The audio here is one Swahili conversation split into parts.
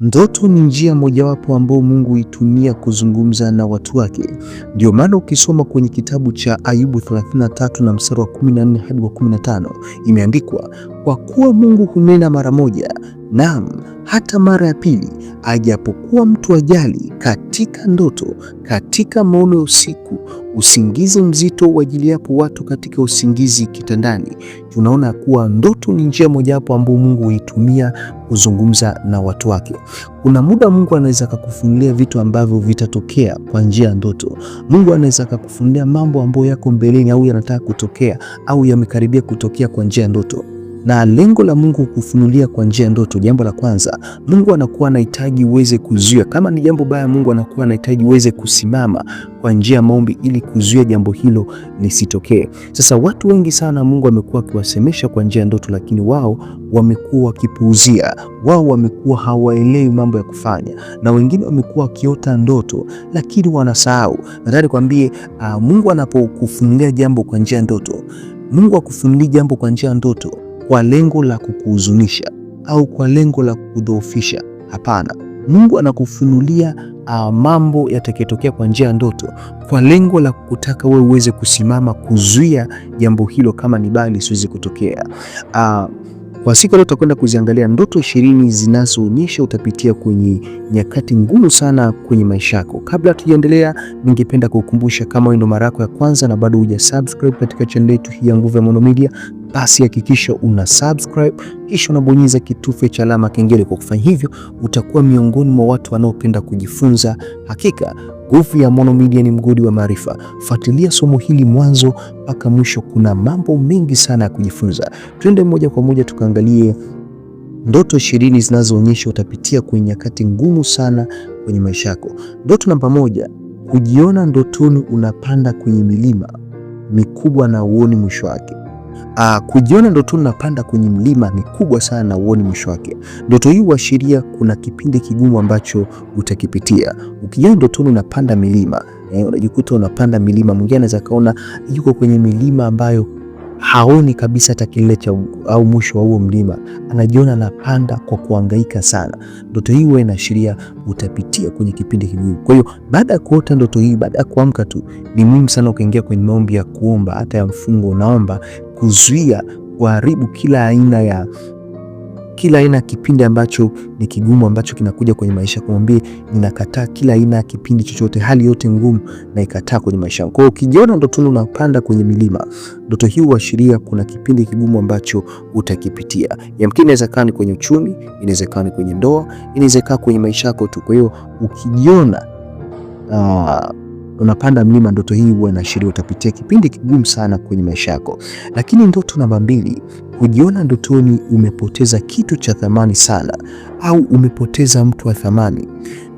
Ndoto ni njia mojawapo ambao Mungu huitumia kuzungumza na watu wake. Ndio maana ukisoma kwenye kitabu cha Ayubu 33 na mstari wa 14 hadi wa 15 imeandikwa, kwa kuwa Mungu hunena mara moja, naam hata mara ya pili, ajapokuwa mtu ajali, katika ndoto, katika maono ya usiku usingizi mzito yapo watu katika usingizi kitandani, tunaona kuwa ndoto ni njia mojawapo ambayo Mungu huitumia kuzungumza na watu wake. Kuna muda Mungu anaweza akakufunulia vitu ambavyo vitatokea kwa njia ya ndoto. Mungu anaweza akakufunulia mambo ambayo yako mbeleni au yanataka kutokea au yamekaribia kutokea kwa njia ya ndoto na lengo la Mungu kufunulia kwa njia ya ndoto. Jambo la kwanza, Mungu anakuwa anahitaji uweze kuzuia. Kama ni jambo baya, Mungu anakuwa anahitaji uweze kusimama kwa njia ya maombi ili kuzuia jambo hilo lisitokee. Sasa watu wengi sana Mungu amekuwa akiwasemesha kwa njia ya ndoto, lakini wao wamekuwa wakipuuzia, wao wamekuwa hawaelewi mambo ya kufanya, na wengine wamekuwa wakiota ndoto lakini wanasahau. Nataka nikwambie, uh, Mungu anapokufunulia jambo kwa njia ya ndoto, Mungu akufunulia jambo kwa njia ya ndoto kwa lengo la kukuhuzunisha au kwa lengo la kukudhoofisha. Hapana, Mungu anakufunulia uh, mambo yatakayotokea kwa njia ya ndoto kwa lengo la kutaka wewe uweze kusimama kuzuia jambo hilo, kama ni bali siwezi kutokea. Uh, kwa siku leo tutakwenda kuziangalia ndoto ishirini zinazoonyesha utapitia kwenye nyakati ngumu sana kwenye maisha yako. Kabla tujaendelea, ningependa kukukumbusha kama wewe ndo mara yako ya kwanza na bado huja katika channel yetu hii ya Nguvu ya Maono Media basi hakikisha una subscribe kisha unabonyeza kitufe cha alama kengele. Kwa kufanya hivyo, utakuwa miongoni mwa watu wanaopenda kujifunza. Hakika nguvu ya Maono Media ni mgodi wa maarifa. Fuatilia somo hili mwanzo mpaka mwisho, kuna mambo mengi sana ya kujifunza. Twende moja kwa moja tukaangalie ndoto ishirini zinazoonyesha utapitia kwenye nyakati ngumu sana kwenye maisha yako. Ndoto namba moja: kujiona ndotoni unapanda kwenye milima mikubwa na uoni mwisho wake. Uh, kujiona ndotoni napanda kwenye mlima ni kubwa sana na uone mwisho wake. Ndoto hii huashiria kuna kipindi kigumu ambacho utakipitia. Ukijiona ndotoni unapanda milima eh, unajikuta unapanda milima. Mwingine anaweza kaona yuko kwenye milima ambayo haoni kabisa hata kilele cha au mwisho wa huo mlima, anajiona anapanda kwa kuangaika sana. Ndoto hii huwa inaashiria utapitia kwenye kipindi kigumu. Kwa hiyo baada ya kuota ndoto hii, baada ya kuamka tu, ni muhimu sana ukaingia kwenye maombi ya kuomba, hata ya mfungo. Unaomba kuzuia kuharibu kila aina ya kila aina ya kipindi ambacho ni kigumu ambacho kinakuja kwenye maisha. kumwambia ninakataa kila aina ya kipindi chochote, hali yote ngumu na ikataa kwenye maisha yangu. Kwa hiyo ukijiona ndotoni unapanda kwenye milima, ndoto hii huashiria kuna kipindi kigumu ambacho utakipitia. Yamkini inawezekana ni kwenye uchumi, inawezekana ni kwenye ndoa, inawezekana kwenye maisha yako tu. Kwa hiyo ukijiona uh, unapanda mlima, ndoto hii huwa inaashiria utapitia kipindi kigumu sana kwenye maisha yako. Lakini ndoto namba mbili, kujiona ndotoni umepoteza kitu cha thamani sana au umepoteza mtu wa thamani.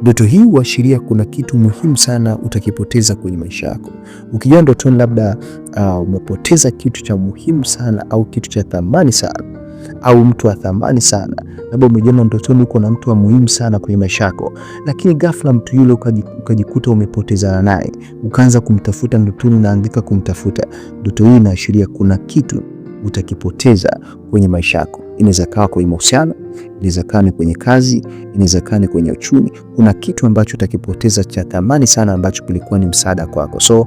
Ndoto hii huashiria kuna kitu muhimu sana utakipoteza kwenye maisha yako. Ukijiona ndotoni labda uh, umepoteza kitu cha muhimu sana au kitu cha thamani sana au mtu wa thamani sana, labda umejiona ndotoni uko na mtu wa muhimu sana kwenye maisha yako, lakini ghafla mtu yule ukajikuta umepotezana naye, ukaanza kumtafuta ndotoni, unaandika kumtafuta. Ndoto hii inaashiria kuna kitu utakipoteza kwenye maisha yako. Inaweza kawa kwenye mahusiano, inaweza kawa ni kwenye kazi, inaweza kawa ni kwenye uchumi. Kuna kitu ambacho utakipoteza cha thamani sana, ambacho kilikuwa ni msaada kwako. So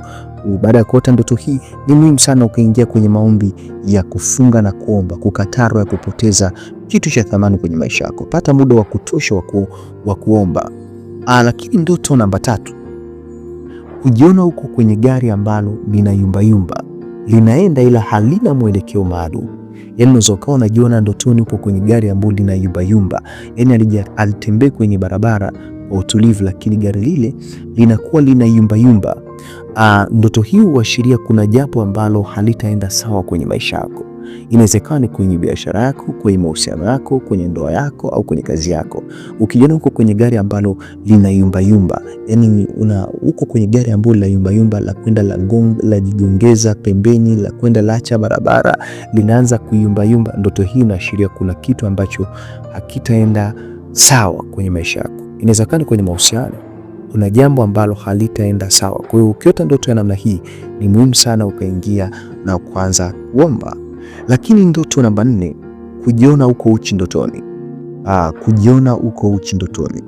baada ya kuota ndoto hii, ni muhimu sana ukaingia kwenye maombi ya kufunga na kuomba, kukataa ya kupoteza kitu cha thamani kwenye maisha yako. Pata muda wa kutosha wa waku, kuomba. Ah, lakini ndoto namba tatu, kujiona huko kwenye gari ambalo lina yumbayumba linaenda ila halina mwelekeo maalum. Yani unaweza ukawa unajiona ndotoni upo kwenye gari ambalo lina yumbayumba, yani alitembea kwenye barabara kwa utulivu, lakini gari lile linakuwa lina yumbayumba. Ah, ndoto hii huashiria kuna jambo ambalo halitaenda sawa kwenye maisha yako. Inawezekana ni kwenye biashara yako, kwenye mahusiano yako, kwenye ndoa yako au kwenye kazi yako. Ukijana huko kwenye gari ambalo linayumbayumba, yani una uko kwenye gari ambalo linayumbayumba la kwenda la gong, la jigongeza pembeni, la kwenda lacha barabara, linaanza kuyumbayumba, ndoto hii inaashiria kuna kitu ambacho hakitaenda sawa kwenye maisha yako. Inawezekana kwenye mahusiano kuna jambo ambalo halitaenda sawa. Kwa hiyo ukiota ndoto ya namna hii, ni muhimu sana ukaingia na kuanza kuomba. Lakini ndoto namba nne, kujiona uko uchi ndotoni. Aa, ah, kujiona uko uchi ndotoni.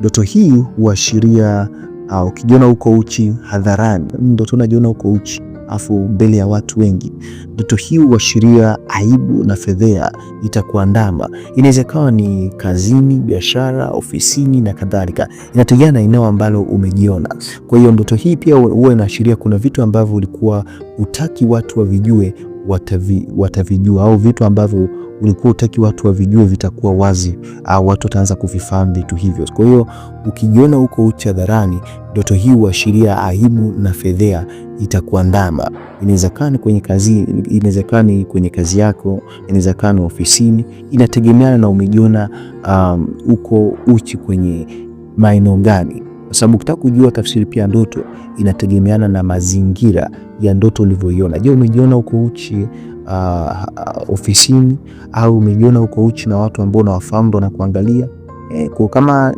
Ndoto hii huashiria ah, ukijiona uko uchi hadharani, ndoto unajiona uko uchi afu mbele ya watu wengi. Ndoto hii huashiria aibu na fedhea itakuandama. Inaweza kawa ni kazini, biashara, ofisini na kadhalika, inategemea na eneo ambalo umejiona. Kwa hiyo ndoto hii pia huwa inaashiria kuna vitu ambavyo ulikuwa utaki watu wavijue, watavi, watavijua au vitu ambavyo ulikuwa utaki watu wavijue vitakuwa wazi, au watu wataanza kuvifahamu vitu hivyo. Kwa hiyo ukijiona huko uchi hadharani, ndoto hii huashiria aibu na fedhea itakuandama. Inawezekana kwenye kazi, inawezekana kwenye kazi yako, inawezekana ofisini, inategemeana na umejiona um, uchi kwenye maeneo gani kwa sababu ukitaka kujua tafsiri pia ndoto inategemeana na mazingira ya ndoto ulivyoiona. Je, umejiona uko uchi uh, ofisini au umejiona uko uchi na watu ambao unawafahamu ndo nakuangalia E, eh, kwa kama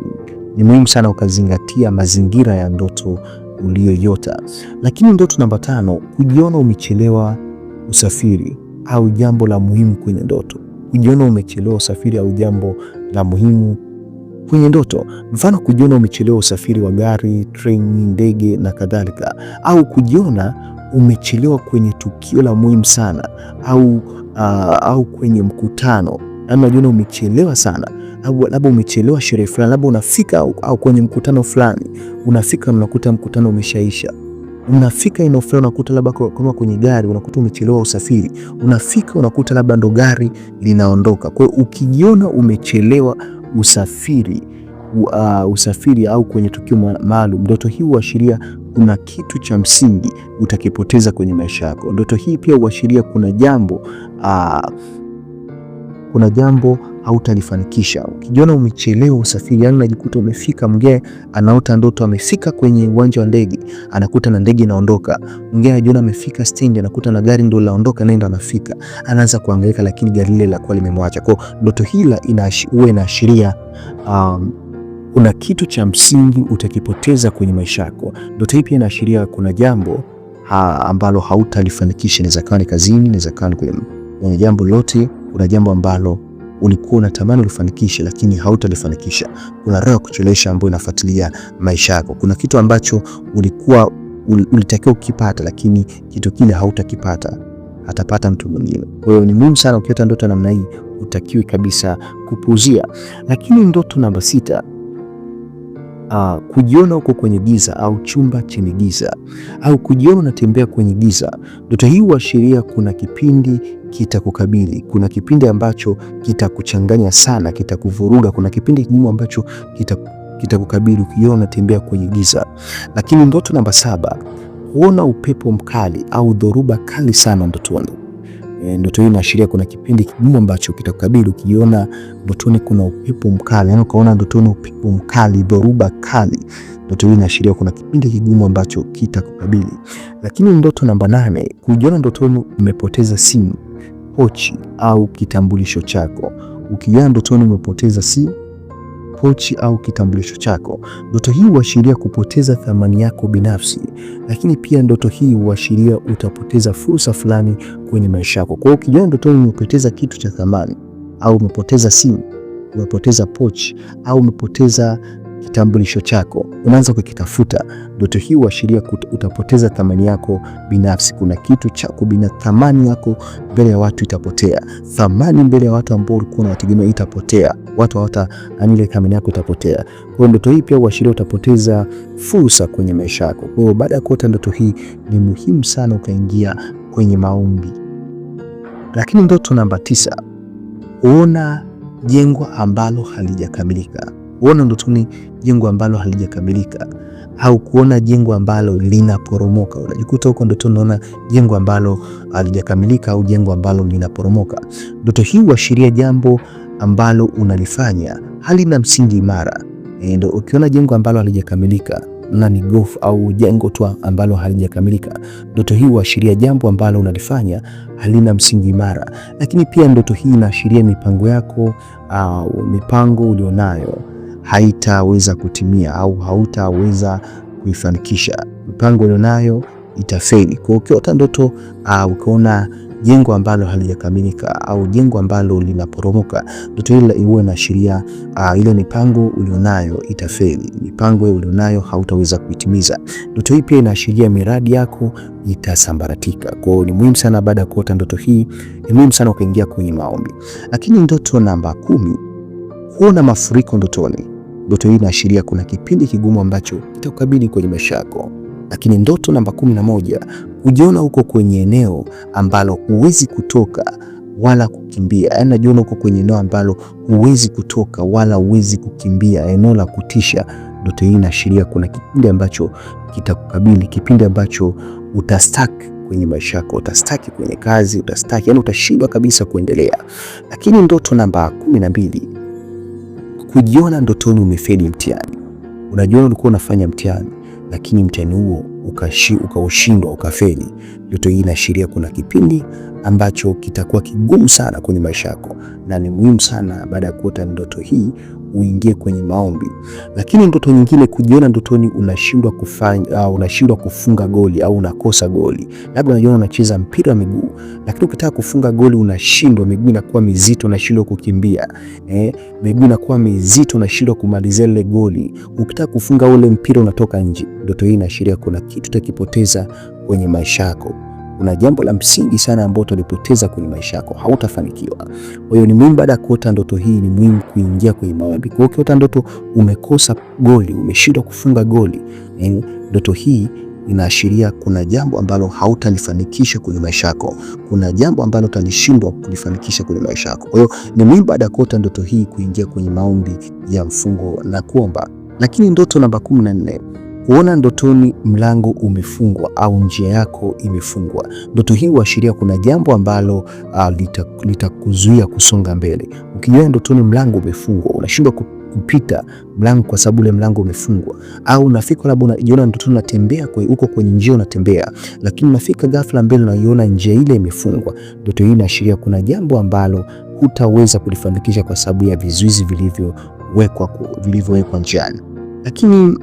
ni muhimu sana ukazingatia mazingira ya ndoto uliyoyota. Lakini ndoto namba tano, kujiona umechelewa usafiri au jambo la muhimu kwenye ndoto. Kujiona umechelewa usafiri au jambo la muhimu kwenye ndoto, mfano kujiona umechelewa usafiri wa gari, treni, ndege na kadhalika, au kujiona umechelewa kwenye tukio la muhimu sana au, uh, au kwenye mkutano ama yaani unajiona umechelewa sana au labda umechelewa sherehe fulani, labda unafika au, au kwenye mkutano fulani unafika unakuta mkutano umeshaisha unafika eneo fulani unakuta labda kama kwenye gari unakuta umechelewa usafiri, unafika unakuta labda ndo gari linaondoka. Kwa hiyo ukijiona umechelewa usafiri uh, usafiri au kwenye tukio maalum. Ndoto hii huashiria kuna kitu cha msingi utakipoteza kwenye maisha yako. Ndoto hii pia huashiria kuna jambo uh, kuna jambo hautalifanikisha. Ukijiona umechelewa usafiri, yani unajikuta umefika, mgee anaota ndoto amefika kwenye uwanja wa ndege, anakuta na ndege inaondoka. Mgee anajiona amefika stendi, anakuta na gari ndo laondoka, naye ndo anafika, anaanza kuhangaika, lakini gari lile la kwa limemwacha. Kwa ndoto hila huwa inaashiria um, kuna kitu cha msingi utakipoteza kwenye maisha yako. Ndoto hii pia inaashiria kuna jambo ha, ambalo hautalifanikisha. Inaweza kuwa ni kazini, inaweza kuwa ni kwenye jambo lote kuna jambo ambalo ulikuwa unatamani ulifanikishe, lakini hautalifanikisha. Kuna roho ya kuchelewesha ambayo inafuatilia maisha yako. Kuna kitu ambacho ulikuwa ulitakiwa ukipata, lakini kitu kile hautakipata, atapata mtu mwingine. Kwa hiyo ni muhimu sana ukiota ndoto namna hii, utakiwi kabisa kupuuzia. Lakini ndoto namba sita, Uh, kujiona huko kwenye giza au chumba chenye giza au kujiona unatembea kwenye giza. Ndoto hii huashiria kuna kipindi kitakukabili. Kuna kipindi ambacho kitakuchanganya sana, kitakuvuruga. Kuna kipindi kigumu ambacho kitakukabili, kita ukiona unatembea kwenye giza. Lakini ndoto namba saba, huona upepo mkali au dhoruba kali sana ndotoni. E, ndoto hii inaashiria kuna kipindi kigumu ambacho kitakukabili, ukiona ndotoni kuna upepo mkali, yani ukaona ndotoni upepo mkali, dhoruba kali ndoto hii inaashiria kuna kipindi kigumu ambacho kitakukabili. Lakini ndoto namba nane, kujiona ndotoni umepoteza simu pochi au kitambulisho chako. ukijaa ndotoni umepoteza simu, pochi au kitambulisho chako, ndoto hii huashiria kupoteza thamani yako binafsi, lakini pia ndoto hii huashiria utapoteza fursa fulani kwenye maisha yako. Kwa hiyo ukijaa ndotoni umepoteza kitu cha thamani, au umepoteza simu, umepoteza pochi au umepoteza kitambulisho chako, unaanza kukitafuta. Ndoto hii huashiria utapoteza thamani yako binafsi. Kuna kitu chako bina, thamani yako mbele ya watu itapotea, thamani mbele ya watu ambao ulikuwa unawategemea itapotea, watu hawata anile yaani thamani yako itapotea. Kwa hiyo ndoto hii pia huashiria utapoteza fursa kwenye maisha yako. Kwa hiyo baada ya kuota ndoto hii, ni muhimu sana ukaingia kwenye maombi. Lakini ndoto namba tisa, huona jengo ambalo halijakamilika. Kuona ndotoni jengo ambalo halijakamilika au kuona jengo ambalo linaporomoka. Unajikuta huko ndoto unaona jengo ambalo halijakamilika au jengo ambalo linaporomoka. Ndoto hii huashiria jambo ambalo unalifanya halina msingi imara. E, eh, ndio ukiona jengo ambalo halijakamilika na ni gof au jengo tu ambalo halijakamilika, ndoto hii huashiria jambo ambalo unalifanya halina msingi imara. Lakini pia ndoto hii inaashiria mipango yako au mipango ulionayo haitaweza kutimia au hautaweza kuifanikisha. Mipango ulionayo itafeli. Kwa ukiota ndoto uh, ukiona jengo ambalo halijakamilika au jengo ambalo linaporomoka, ndoto ile iwe na sheria uh, ah, ile mipango ulionayo itafeli, mipango ulionayo hautaweza kuitimiza. Ndoto hii pia inaashiria miradi yako itasambaratika. Kwa hiyo ni muhimu sana, baada ya kuota ndoto hii, ni muhimu sana ukaingia kwenye maombi. Lakini ndoto namba kumi, huona mafuriko ndotoni. Ndoto hii inaashiria kuna kipindi kigumu ambacho kitakukabili kwenye maisha yako. Lakini ndoto namba kumi na moja, hujiona huko kwenye eneo ambalo huwezi kutoka wala kukimbia. Yaani najiona huko kwenye eneo ambalo huwezi kutoka wala huwezi kukimbia, eneo la kutisha. Ndoto hii inaashiria kuna kipindi ambacho kitakukabili, kipindi ambacho utastak kwenye maisha yako, utastaki kwenye kazi, utastaki, yani utashindwa kabisa kuendelea. Lakini ndoto namba kumi na mbili kujiona ndotoni umefeli mtihani. Unajiona ulikuwa unafanya mtihani lakini mtihani huo ukaushindwa ukafeli. Ndoto hii inaashiria kuna kipindi ambacho kitakuwa kigumu sana kwenye maisha yako, na ni muhimu sana baada ya kuota ndoto hii uingie kwenye maombi. Lakini ndoto nyingine, kujiona ndotoni unashindwa kufanya, uh, unashindwa kufunga goli au unakosa goli. Labda unajiona unacheza mpira wa miguu, lakini ukitaka kufunga goli unashindwa, miguu inakuwa mizito, unashindwa kukimbia eh, miguu inakuwa mizito, unashindwa kumalizia ile goli. Ukitaka kufunga ule mpira unatoka nje. Ndoto hii inaashiria kuna kitu utakipoteza kwenye maisha yako kuna jambo la msingi sana ambalo utalipoteza kwenye maisha yako, hautafanikiwa. Kwa hiyo ni muhimu baada ya kuota ndoto hii, ni muhimu kuingia kwenye maombi. Kwa hiyo ukiota ndoto umekosa goli, umeshindwa kufunga goli, ndoto hii inaashiria kuna jambo ambalo hautalifanikisha kwenye maisha yako, kuna jambo ambalo utalishindwa kulifanikisha kwenye maisha yako. Kwa hiyo ni muhimu baada ya kuota ndoto hii kuingia kwenye maombi ya mfungo na kuomba. Lakini ndoto namba kumi na nne Kuona ndotoni mlango umefungwa au njia yako imefungwa. Ndoto hii huashiria kuna jambo ambalo uh, litakuzuia lita kusonga mbele. Ukijiona ndotoni mlango umefungwa, unashindwa kupita mlango kwa sababu ule mlango umefungwa, au unafika labda unajiona ndotoni unatembea kwa huko kwenye njia unatembea, lakini unafika ghafla mbele unaiona njia ile imefungwa. Ndoto hii inaashiria kuna jambo ambalo hutaweza kulifanikisha kwa sababu ya vizuizi vilivyowekwa vilivyowekwa njiani, lakini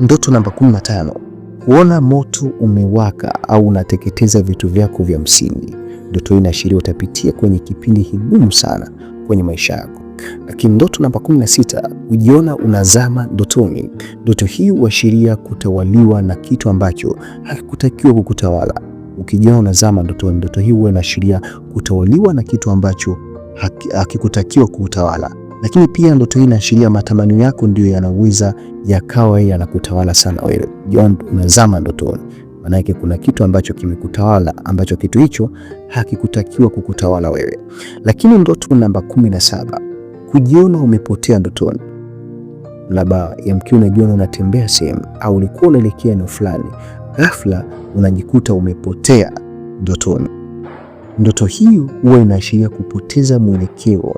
Ndoto namba 15: kuona moto umewaka au unateketeza vitu vyako vya msingi. Ndoto hii inaashiria utapitia kwenye kipindi kigumu sana kwenye maisha yako. Lakini ndoto namba 16, kujiona unazama ndotoni. Ndoto hii huashiria kutawaliwa na kitu ambacho hakikutakiwa kukutawala. Ukijiona unazama ndotoni, ndoto hii huwa inaashiria kutawaliwa na kitu ambacho hakikutakiwa kukutawala. Lakini pia ndoto hii inaashiria matamanio yako ndio yanaweza yakawa yanakutawala sana wewe. John, unazama ndotoni, maanake kuna kitu ambacho kimekutawala ambacho kitu hicho hakikutakiwa kukutawala wewe. Lakini ndoto namba kumi na saba, kujiona umepotea ndotoni. Labda yamkini unajiona unatembea sehemu au ulikuwa unaelekea eneo fulani, ghafla unajikuta umepotea ndotoni. Ndoto hii huwa inaashiria kupoteza mwelekeo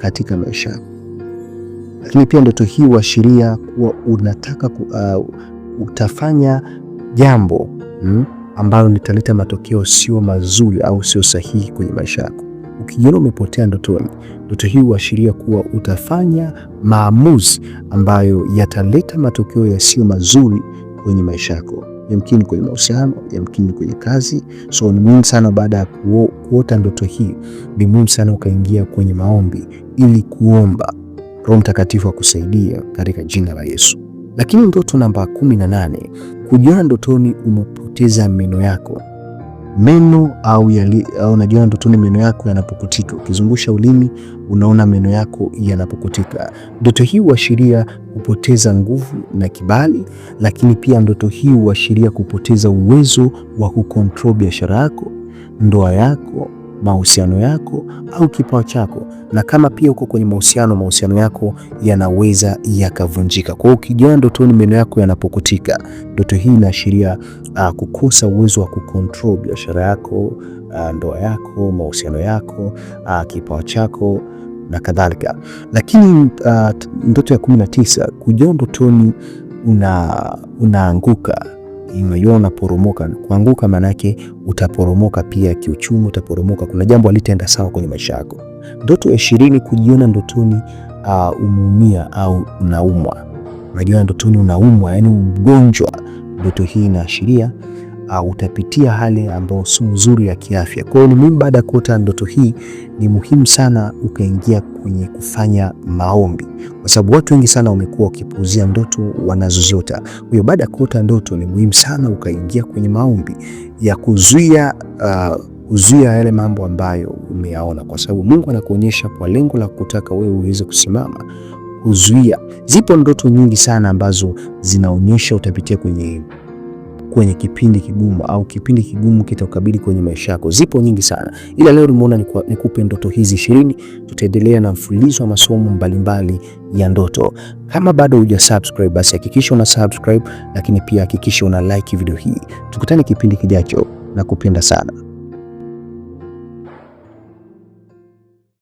katika maisha yako. Lakini pia ndoto hii huashiria kuwa unataka ku, uh, utafanya jambo mm, ambalo litaleta matokeo sio mazuri au sio sahihi kwenye maisha yako. Ukijiona umepotea ndotoni, ndoto hii huashiria kuwa utafanya maamuzi ambayo yataleta matokeo yasiyo mazuri kwenye maisha yako yamkini kwenye mahusiano, yamkini kwenye kazi. So ni muhimu sana baada ya kuota ndoto hii, ni muhimu sana ukaingia kwenye maombi ili kuomba Roho Mtakatifu kusaidia katika jina la Yesu. Lakini ndoto namba kumi na nane, kujiona ndotoni umepoteza meno yako meno au, unajiona ndotoni meno yako yanapokutika. Ukizungusha ulimi unaona meno yako yanapokutika. Ndoto hii huashiria kupoteza nguvu na kibali, lakini pia ndoto hii huashiria kupoteza uwezo wa kukontrol biashara yako, ndoa yako mahusiano yako au kipawa chako, na kama pia uko kwenye mahusiano, mahusiano yako yanaweza yakavunjika. Kwa hiyo ukijaa ndotoni meno yako yanapokutika, ndoto hii inaashiria uh, kukosa uwezo wa kukontrol biashara yako, uh, ndoa yako, mahusiano yako, uh, kipawa chako na kadhalika. Lakini uh, ndoto ya kumi na tisa, kujaa ndotoni una, unaanguka hiyo unaporomoka. Kuanguka manake utaporomoka pia kiuchumi, utaporomoka. Kuna jambo halitenda sawa kwenye maisha yako. Ndoto ya ishirini, kujiona ndotoni uh, umeumia au unaumwa. Unajiona ndotoni unaumwa, yani mgonjwa. Ndoto hii inaashiria uh, utapitia hali ambayo si nzuri ya kiafya. Kwa hiyo mimi baada ya kuota ndoto hii, ni muhimu sana ukaingia kwenye kufanya maombi, kwa sababu watu wengi sana wamekuwa wakipuuzia ndoto wanazoziota. Kwa hiyo baada ya kuota ndoto, ni muhimu sana ukaingia kwenye maombi ya kuzuia uh, kuzuia yale mambo ambayo umeyaona, kwa sababu Mungu anakuonyesha kwa lengo la kutaka wewe uweze kusimama kuzuia. Zipo ndoto nyingi sana ambazo zinaonyesha utapitia kwenye kwenye kipindi kigumu au kipindi kigumu kitakabili kwenye maisha yako. Zipo nyingi sana, ila leo nimeona nikupe ndoto hizi ishirini. Tutaendelea na mfululizo wa masomo mbalimbali ya ndoto. Kama bado huja subscribe, basi hakikisha una subscribe, lakini pia hakikisha una like video hii. Tukutane kipindi kijacho na kupenda sana.